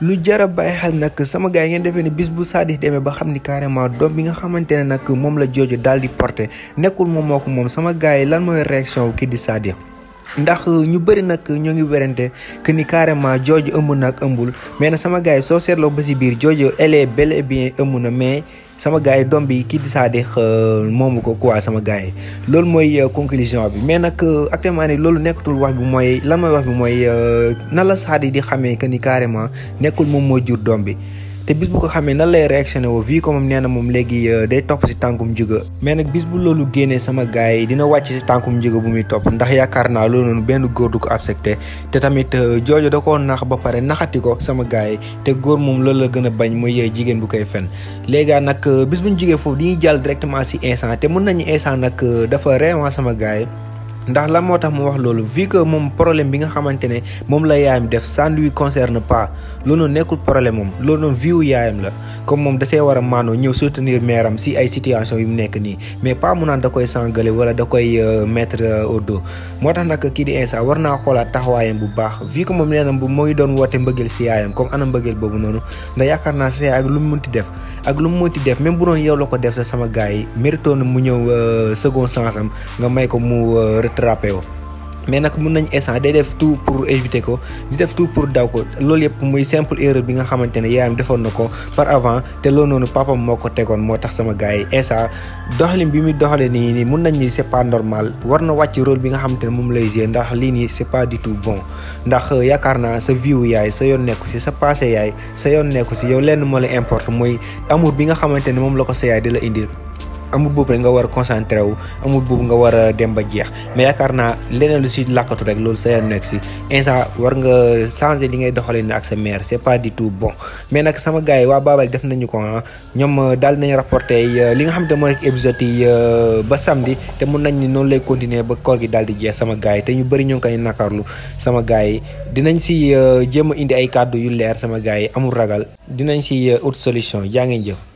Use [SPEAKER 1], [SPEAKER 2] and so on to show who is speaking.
[SPEAKER 1] lu jar a bàyyi xel nag sama gars ngeen defee ne bis bu Sadikh demee ba xam ni carrément doom bi nga xamante ne nag moom la jooju daal di porté nekkul moom moo ko moom sama gars lan mooy réaction kii di Sadikh ndax ñu bëri nag ñoo ngi werante que ni carrément jooju ëmb na ak ëmbul mais na sama gars yi soo seetloo ba si biir jooju elle est bel bien ëmb na mais. sama gars yi doom bi kii di Sadikh moomu ko quoi sama gars yi loolu mooy euh, conclusion bi mais nag euh, actuellement ni loolu nekkatul wax bi mooy lan mooy wax bi mooy euh, na la Sadikh di xamee que ni carrément nekkul moom moo jur doom bi. te bis bu ko xamee nan lay réactionné woo vie ko moom nee na moom léegi euh, day topp si tànkum njuga mais nag bis bu loolu génnee sama gars yi dina wàcc si tànkum njuga bu muy topp ndax yaakaar naa loolu noonu benn góor du ko accepté te tamit euh, joojo da koo nax ba pare naxati ko sama gars yi te góor moom loolu la gën a bañ mooy euh, jigéen bu koy fen léegi nag bis bu ñu jigee foofu dañuy jàll directement si instant te mën nañu instant nag dafa réewant sama gars yi ndax la moo tax mu wax loolu vu que moom problème bi nga xamante ne moom la yaayam def ça lui concerne pas loolu noonu nekkul problème moom loolu noonu yaayam la comme moom da war a maanoo ñëw soutenir meeram si ay situation yu mu nekk mais pas mu da koy sangale wala da koy euh, mettre euh, au dos moo tax nag kii di insa war naa xoolaat taxawaayam bu baax vu que moom nee na mu ngi doon woote si yaayam comme anam bagel boobu noonu nda yaakaar naa sa ak lu mu munti def ak lu mu def même bu doon yow def sa sama gars yi méritoon mu ñëw euh, second sens am nga may ko mu attrapé ko mais nag mun nañ instant day def tout pour éviter ko di def tout pour daw ko loolu yëpp muy simple erreur bi nga xamante ne yaayam defoon na ko par avant te loolu noonu papam moo ko tegoon moo tax sama gars yi instant doxalin bi muy doxalee nii nii mun nañ ni c'est pas normal war na wàcc rôle bi nga xamante ne moom lay jouer ndax lii ni c'est pas du tout bon ndax euh, yaakaar naa sa vie yaay sa yoon nekku si sa passé yaay sa yoon nekku si yow lenn moo la importe mooy amour bi nga xamante ne moom la ko sa yaay di la amul boobu eh, rek nga war a concentré wu amul boobu nga war a dem ba jeex mais yaakaar naa leneen lu si lakkatu rek loolu sa yoon nekk si war nga changer li ngay doxalee ak sa maire c' pas du tout bon mais nag sama gars yi waa baabal def nañu ko ah ñoom ham nañ rapporté li nga xam te moo nekk épisode yi eh, ba samedi te mun nañ ni noonu lay continuer ba koor gi dal di jeex sama gaay yi te ñu bëri ñu ngi nakarlu sama gars yi dinañ si eh, jéem a indi ay kàddu yu leer sama gars yi amul ragal dinañ si urt solution jaa ngeen